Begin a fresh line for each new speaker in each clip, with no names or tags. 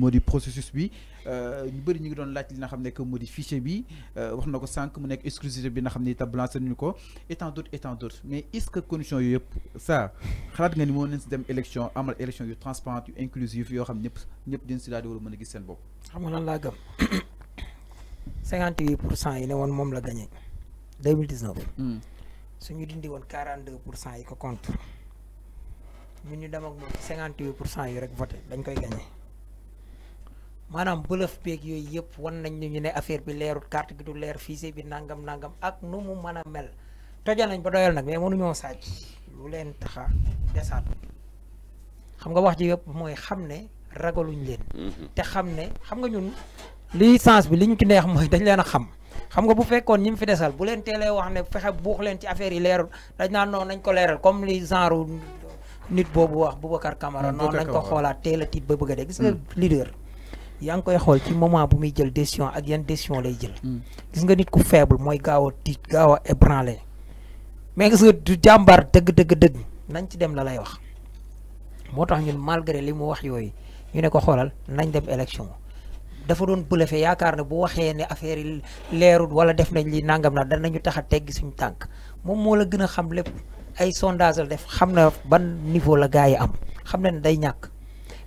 moo di processus bi euh, ñu bëri ñu ngi doon laaj li nga xam ne que moo bi euh, wax na ko sànq mu nekk exclusivité bi na xam ne itam blanché nañu ko et tant d'autres et mais est-ce que conditions yooyu yëpp ça xalaat nga ni moo leen si dem élection amal élection yu transparente yu inclusive yoo xam ñëpp ñëpp dinañ si daal di a mën a gis seen bopp.
xam pour cent yi ne woon moom la gagné 2019. Hmm. suñu dindi woon 42 pour cent yi ko contre ñu dem ak moom 58 pour cent yi rek voté dañ koy gagné. maanaam bëlëf beeg yooyu yëpp wan nañ ñu ne affaire bi leerut carte gi du leer fichier bi nangam nangam ak nu mu mën a mel toja nañ ba doyal nag mais mënuñoo sàcc lu leen taxa desaat xam nga wax ji yëpp mooy xam ne ragaluñ leen mm-hmm. te xam ne xam nga ñun licence bi li ñu ci neex mooy dañ leen a xam xam nga bu fekkoon ñi mu fi desal bu leen teelee wax ne fexe buux leen ci affaire yi leerul dañ naan noonu nañ ko leeral comme li genre nit boobu wax Boubacar Camara noonu nañ ko xoolaat teel a ba bëgg a dee gis nga mm. yaa ngi koy xool ci moment bu muy jël décision ak yan décision lay jël. Hmm. gis nga nit ku faible mooy gaaw a tiit gaaw a ébranlé mais gis nga du jàmbaar dëgg dëgg nañ ci dem la lay wax. moo tax ñu malgré li mu wax yooyu ñu ne ko xoolal nañ dem élection dafa doon bëlëfe yaakaar ne bu waxee ne affaire yi leerul wala def nañ li nangam na danañu tax a teggi suñu tànk moom moo la gën a xam lépp ay sondage la def xam na ban niveau la gars yi am xam na ne day ñàkk.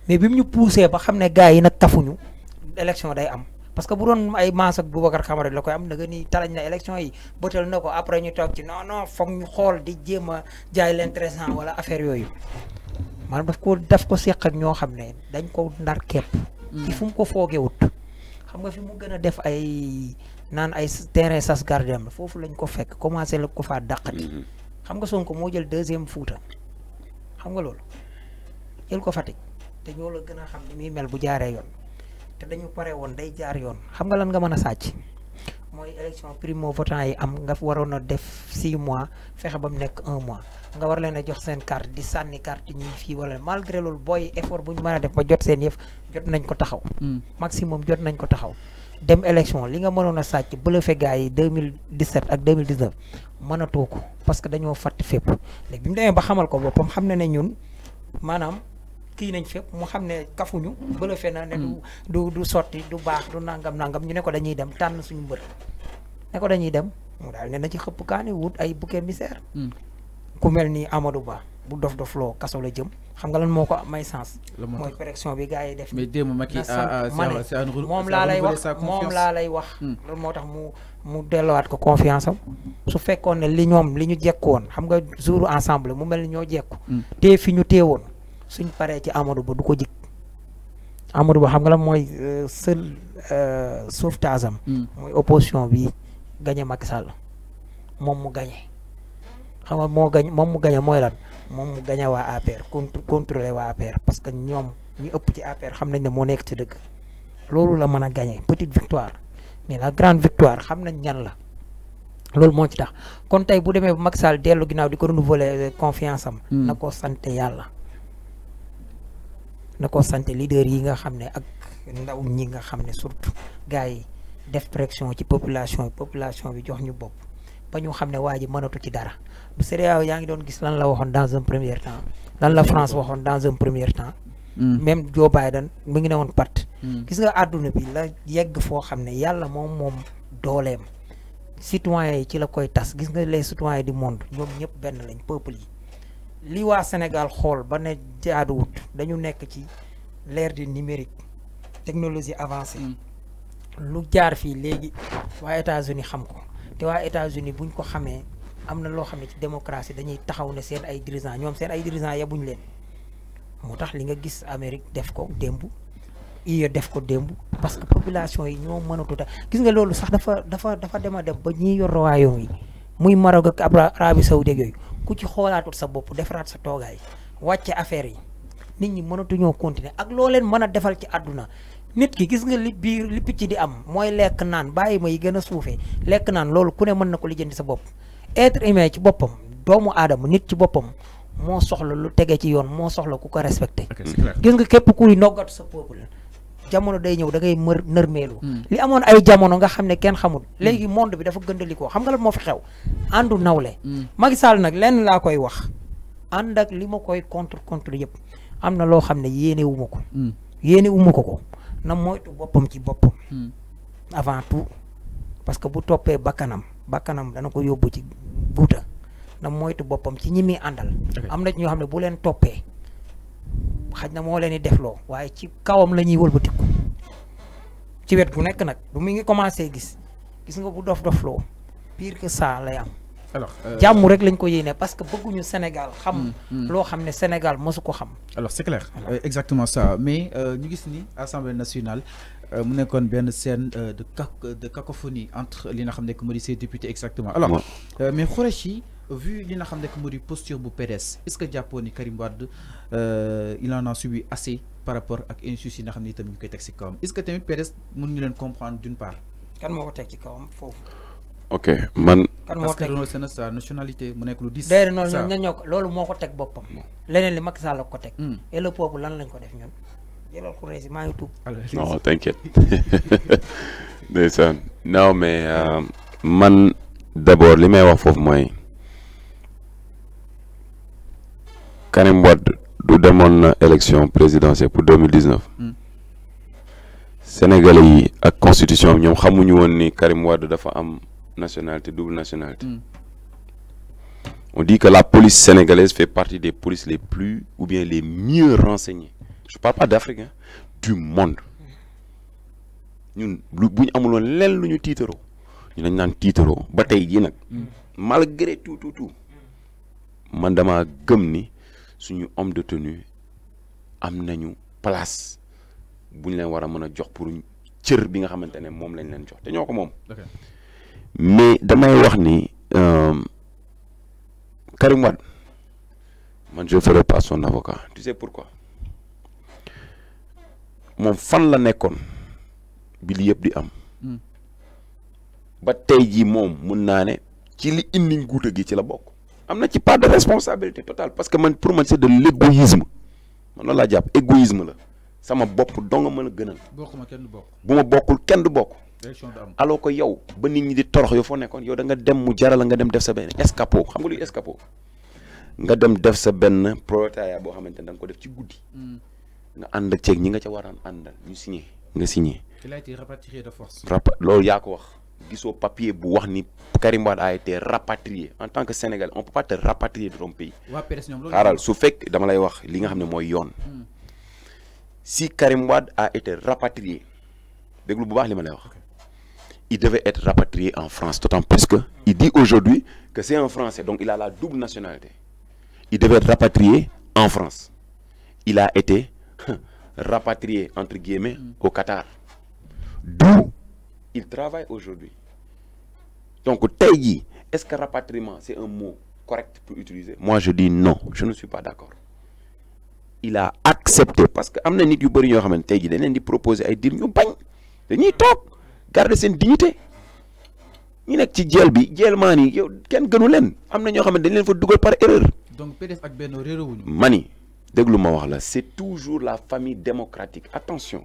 mais bi mu ñu poussé ba xam ne gars yi nag tafuñu élection day am parce que bu doon ay maas ak Boubacar Camara la koy am da nga ni talañ na élection yi bëtal na ko après ñu toog ci non non foog ñu xool di jéem a jaay l'intéressant wala affaire yooyu maanaam daf ko daf ko seq ak ñoo xam ne dañ ko ndar képp. ci mm. fu mu ko foogee foogewut xam nga fi mu gën a def ay naan ay terrain sas gardem foofu lañ ko fekk commencé la ko faa dàqati. Mm-hmm. xam nga ko moo jël deuxième Fuuta xam nga loolu jël ko te ñoo la gën a xam ni muy mel bu jaaree yoon te dañu pare woon day jaar yoon xam nga lan nga mën a sàcc mooy élection primo votant yi am nga waroon a def 6 mois fexe ba mu nekk un mois nga war leen a jox seen carte di sànni carte ñi fii wala malgré loolu booy effort bu ñu mën a def ba jot seen yëf jot nañ ko taxaw. Hmm. maximum jot nañ ko taxaw. dem élection li nga mënoon a sàcc bluffé gars yi 2017 ak 2019 mënatoo ko parce que dañoo fàtt fépp léegi bi mu demee ba xamal ko boppam xam na ne ñun maanaam. kii nañ fépp mu xam ne kafuñu. bële fe na ne du mm. du du sotti du baax du nangam nangam ñu ne ko dañuy dem tànn suñu mbër. ne dañuy dem daal ne na ci xëpp kaani wut ay bouquet misère. Mm. ku mel ni Amadou Ba bu dof dof loo kaso la jëm xam nga lan moo ko may sens. mooy pression bi gars yi def. mais démb ah, ah, ma kii moom laa lay wax moom laa lay wax. moo tax mu mu delluwaat ko confiance su fekkoon ne li ñoom li ñu jekkoon xam nga jour ensemble mu mel ni ñoo jekku. Mm. te fi ñu teewoon. suñ paree ci Amadou Ba du ko jig Amadou Ba xam nga la mooy euh, seul euh, sauvetage am. Hmm. mooy opposition bi gagné Macky Sall moom mu gagné. xam nga moo gañ moom mu gañe mooy lan moom mu gañe waa APR contr contrôlé waa APR parce que ñoom ñu ëpp ci APR xam nañ ne moo nekk ci dëkk loolu la mën a gañe petite victoire mais la grande victoire xam nañ ñan la loolu moo ci tax kon tey bu demee bu Macky dellu ginnaaw di ko renouveler euh, confiance am hmm. na ko sante yàlla na ko sant leader yi nga xam ne ak ndaw ñi nga xam ne surtout gars yi def pression ci population population bi jox ñu bopp ba ñu xam ne waa ji mënatu ci dara bu yaa ngi doon gis lan la waxoon dans un premier temps lan la France waxoon dans un premier temps hmm. même Joe Biden mu ngi ne woon part hmm. gis nga àdduna bi la yegg foo xam ne yàlla moom moom dooleem citoyens yi ci la koy tas gis nga les citoyens du monde ñoom ñëpp benn lañ peuple yi lii waa Sénégal xool ba ne jaaduwut dañu nekk ci leer du numérique technologie avancée mm. lu jaar fii léegi waa États-Unis xam ko te waa États-Unis buñ ko xamee am na loo xam ne ci démocratie dañuy taxaw ne seen ay dirigeants ñoom seen ay dirigeants yabuñ leen moo tax li nga gis Amérique def ko démb IE def ko démb parce que population yi ñoo mënatu a gis nga loolu sax dafa dafa dafa dem a dem ba ñiy yor yi muy Maroc ak Arabie Saoudite yooyu ku ci xoolaatul sa bopp defaraat sa toogaay wàcce affaire yi nit ñi mënatuñoo continuer ak loo leen mën a defal ci àdduna nit ki gis nga li biir li picc di am mooy lekk naan bàyyi ma yi gën a suufee lekk naan loolu ku ne mën na ko lijjanti sa bopp être humain ci boppam doomu aadama nit ci boppam moo soxla lu tege ci yoon moo soxla ku ko respecté gis nga képp kuy noggatu sa peuple jamono day ñëw da ngay mër nërmeelu hmm. li amoon ay jamono nga xam ne kenn xamul hmm. léegi monde bi dafa gëndalikoo xam nga la moo fi xew àndu nawle hmm. Macky Sall nag lenn laa koy wax ànd ak li ma koy contre contre yëpp am na loo xam ne yéene wuma ko yéene ko ko na moytu boppam ci boppam avant tout parce que bu toppee bakkanam bakkanam dana ko yóbbu ci guuta na moytu boppam ci ñi muy àndal am na ñoo xam ne bu leen toppee xaj na moo leen di defloo waaye ci kawam la ñuy wëlbati ci wet gu nekk nag du mu ngi commencé gis gis nga bu dof dofloo pire que ça la am. alors euh, jàmm rek lañ ko yéene parce que ñu Sénégal xam. Mm, mm. lo xamné Sénégal mësu ko xam.
alors c'est clair euh, exactement ça mais euh, ñu gis ni assemblée nationale mu nekkoon benn scène de de cacophonie entre li nga xam ne que moo di députés exactement alors mais Khoureychi vu li nga xam ne moo posture bu PDS est-ce que jàppoo ni Karim euh, il en a subi assez par rapport ak insuci yi nga xam ne itam ñu koy teg ci kawam est-ce que tamit PDS mën ñu leen comprendre d'une part. kan moko tek ci kawam fofu
ok man.
kan moo ko teg parce sa nationalité mu nek lu 10 déedéet non ñun ñoo lolu moko tek bopam
hmm. leneen li Macky Sall la ko teg. Hmm. et le peuple lan lañ ko def ñun. jëlal ku rees maa ngi tuub. non t'inquiète
ndeysaan non mais euh, man d'abord li may wax fofu moy Karim Wade du demoon na élection présidentielle pour 2019 hmm. sénégalais et la constitution ñom xamuñu woon ni Karim Wade dafa am nationalité double nationalité hmm. on dit que la police sénégalaise fait partie des polices les plus ou bien les mieux renseignées je parle pas d'Afrique hein, du monde ñun buñ bu lenn ñu ñu dañ nane ba tay hmm. malgré tout tout tout man dama gëm ni suñu homme de tenue am nañu place buñ leen war a mën a jox pour cër bi nga xamante ne moom lañ leen jox te ñoo ko moom. mais damay wax ni euh, Karim Wade man je ferai pas son avocat tu sais pourquoi moom fan la nekkoon bi li yëpp di am. Hmm. ba tey jii moom mun naa ne ci li indi nguuta gi ci la bokk. am na ci part de responsabilité totale parce que man pour man c'est de l'égoïsme man loolu laa jàpp égoïsme la sama bopp dong mën a gënal.
bokkuma kenn du bokk.
bu ma bokkul kenn du bokk. aloo ko yow ba nit ñi di torox yow foo nekkoon yow da nga dem mu jaral nga dem def sa benn escapo xam nga luy escapo nga dem def sa benn prolétariat boo xamante ne da ko def ci guddi. Hmm. nga ànd ak ceeg ñi nga ca waraan àndal ñu signé
nga signé. il a été
loolu yaa ko wax. qui papier bu Karim Wade a été rapatrié en tant que sénégal on peut pas te rapatrier de ton pays. si Karim Wade a été rapatrié il devait être rapatrié en France d'autant plus que il dit aujourd'hui que c'est un Français donc il a la double nationalité. il devait être rapatrié en France il a été rapatrié entre guillemets au Qatar il travaille aujourd'hui donc Taïgi, est-ce que rapatriement c'est un mot correct pour utiliser moi je dis non je ne suis pas d'accord il a accepté parce que am du nit yu bëri ñoo xamante tey proposé di proposer ay gardez ñu garder dignité Il ci bi jeel maan yi gënu leen il na ñoo par erreur.
donc PDS ak Benno
c'est toujours la famille démocratique attention.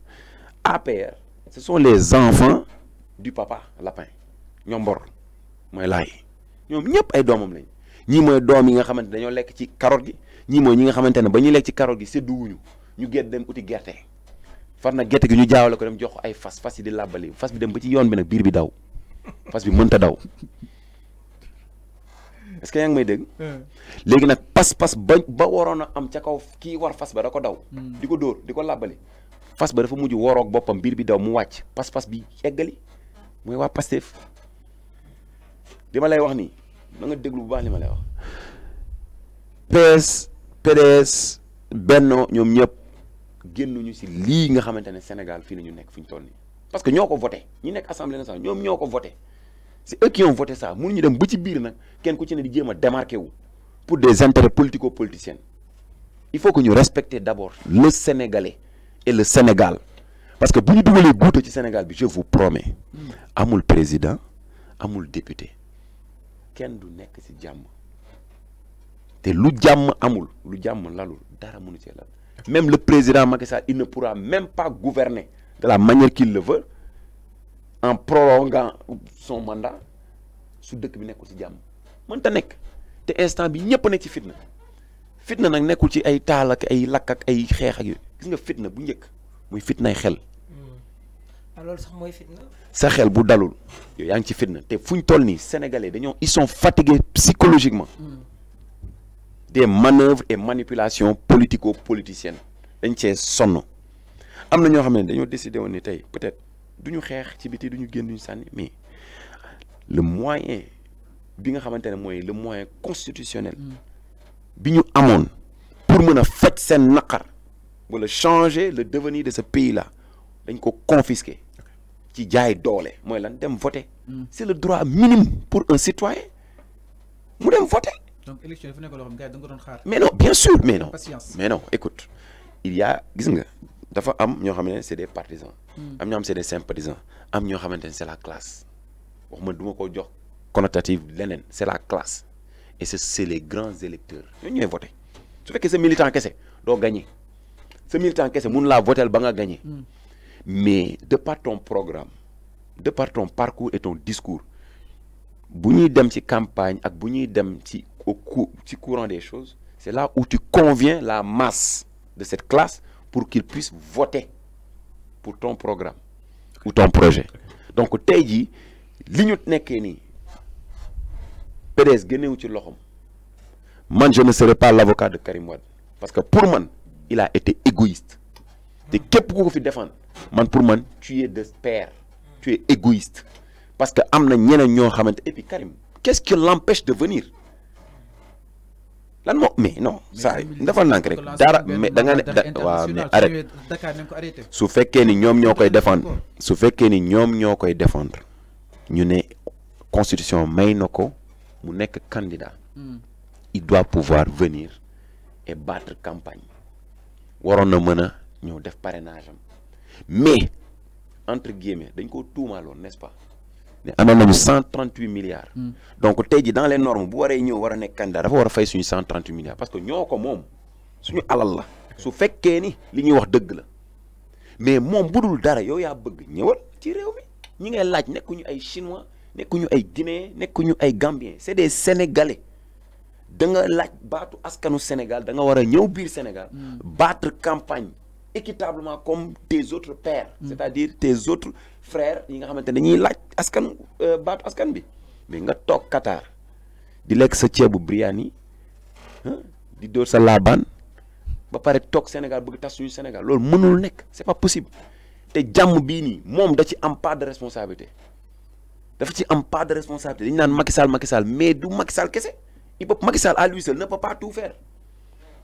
APR ce son les enfants du papa Lapin ñoom Mbor mooy laay ñoom ñëpp ay doomam lañ ñii mooy doom yi nga xamante dañoo lekk ci carotte gi ñii mooy ñi nga xamante ne ba ñu lekk ci carotte gi sédduwuñu ñu gét dem uti gerte fan na gerte gi ñu jaawale ko dem jox ay fas fas yi di làbbali fas bi dem ba ci yoon bi nag biir bi daw fas bi mënta daw est yaa ngi may dégg. léegi nag pas-pas ba ba waroon a am ca kaw ki war fas ba da ko daw. Hmm. di ko dóor di ko làbbali fas ba dafa mujj woroog boppam biir bi daw mu wàcc pas-pas bi eggali mooy waa Pastef li ma lay wax nii na nga déglu bu baax li ma lay wax PS PDS Benno ñoom ñëpp génnuñu si lii nga xamante ne Sénégal fii la ñu nekk fu ñu toll nii parce que ñoo ko voté ñi nekk assemblée nationale ñoom ñoo ko voté c'est eux qui ont voté ça mënuñu dem ba ci biir nag kenn ku ci ne di jéem a démarqué wu pour des intérêts politico politiciens il faut que ñu respecter d'abord le sénégalais et le Sénégal parce que nous ñu le guute du Sénégal je vous promets amul président amul député il du que ci jàmm te lu amul lu jàmm lalul dara mënu même le président Macky Sall il ne pourra même pas gouverner de la manière qu'il le veut en prolongant son mandat su dëkk bi nekkul ci jàmm mënta nekk te instant bi a pas ci fitna fitna nak nekul ci ay taal ak ay lak ak ay xeex ak yooyu gis nga fitna bu njëkk muy fitnay xel. Hmm.
alors ah, sax moy fitna.
sa xel bu dalul yow yaa ngi ci fitna te fuñ toll sénégalais dañu ils sont fatigués psychologiquement. Hmm. des manœuvres et manipulations politico-politiciennes dañ ci sonn amna ño xamné dañu décidé peut-être duñu ñu ci biti duñu ñu duñu sanni mais le moyen bi nga xamantene moy le moyen constitutionnel. Hmm biñu amone pour mën a sen seen naqar wala changer le devenir de ce pays là dañ ko confisquer ci jaay doole moy lan dem voter hmm. c'est le droit minimum pour un citoyen
mu dem voter donc élection dafa nekk lo xam gars da nga don xaar mais non bien sûr mais non mais non
écoute il y a gis nga dafa am ño xamné c'est des partisans hmm. am ño xam c'est des sympathisants am ño xamante c'est la classe waxuma duma ko jox connotative lenen c'est la classe et c'est les grands électeurs Ils Tu voté que que que militant kese gagner. Ces militants militant ce là la voté. ba nga gagné hmm. mais de par ton programme de par ton parcours et ton discours bu tu dem ci campagne ak bu au courant des choses c'est là où tu conviens la masse de cette classe pour qu'ils puissent voter pour ton programme ou ton projet donc au dit, li ñu nous PDS génnewu ci loxom man je ne serai pas l'avocat de Karim Wade parce que pour moi il a été égoïste De képp ku ko fi défendre man pour man tu es de père tu es égoïste parce que amna na ñeneen ñoo xamanté et puis Karim qu'est-ce qui l'empêche de venir lan mo mais non ça dafa nank rek dara mais da nga wa waaw mais
arrête
su fekkee ni ñom ñokoy défendre su fekkee ni ñom ñokoy défendre ñu constitution may mu nek candidat il doit pouvoir venir et battre campagne warona na ñeu def parrainage mais entre guillemets dañ ko tuumaaloon n'est-ce pas mais amoon 138 milliards mm. donc tey dit dans les normes bu waré ñeu wara nek candidat dafa wara fay suñu cent milliards parce que ñoo ko moom suñu alal la su fekke ni li ñi wax deug la mais mon budul dara yow ya bëgg ñëwal ci réew mi ñi ngay laaj ñu ay chinois nekkuñu ay Guinéen nekkuñu ay Gambien c'est des Sénégalais da nga laaj baatu askanu Sénégal da nga wara a bir Sénégal. Hmm. battre campagne équitablement comme tes autres pères. Hmm. c'est-à-dire tes autres frères yi nga xamante dañuy laaj askan euh, baatu askan bi mais nga tok Qatar di lek sa ceebu biryani hein, di dóor sa laabaan ba pare tok Sénégal bëgg tas Sénégal loolu mënul nek c'est pas possible té jamm bi ni mom da ci am part de responsabilité. Il ci am pas de responsabilité Il naan Macky Sall Macky Sall mais du Macky Sall kese il peut Macky Sall à lui seul ne peut pas tout faire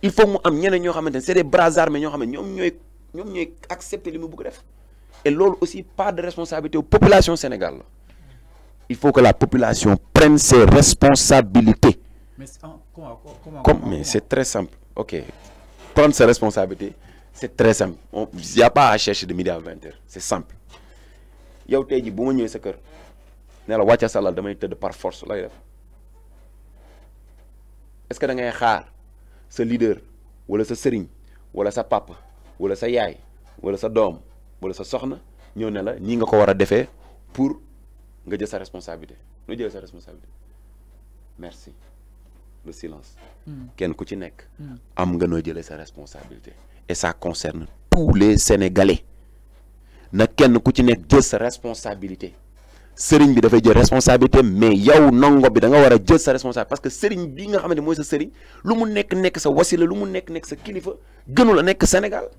il faut que am ñeneen ñoo c'est des bras armés ñoo xamantene ne ñoy ñom ñoy accepter limu bëgg def et là aussi pas de responsabilité population Sénégal il faut que la population prenne ses responsabilités. mais hein, comment mais c'est très simple ok prendre ses responsabilités c'est très simple Il n'y a pas à chercher de médias à 20 heures c'est simple yow y a bu sa kër ne la wàcce sa damay teud par force lay def est-ce que da ngay xaar sa leader wala sa serigne wala sa papa wala sa yaay wala sa dom wala sa soxna ñëw ne la ni nga ko wara defé pour nga jël sa responsabilité nu jël sa responsabilité merci le silence. Hmm. ken ku ci nek hmm. am nga no jël sa responsabilité. et ça concerne tous les sénégalais na ken ku ci nek jël sa responsabilité serigne bi fay jël responsabilité mais yow ndongo bi da nga wara a jël sa responsabilité parce que serigne bi nga xamné moy sa sëriñ lu mu nekk nekk sa wasila lu mu nekk nekk sa kilifa gënu nekk Sénégal.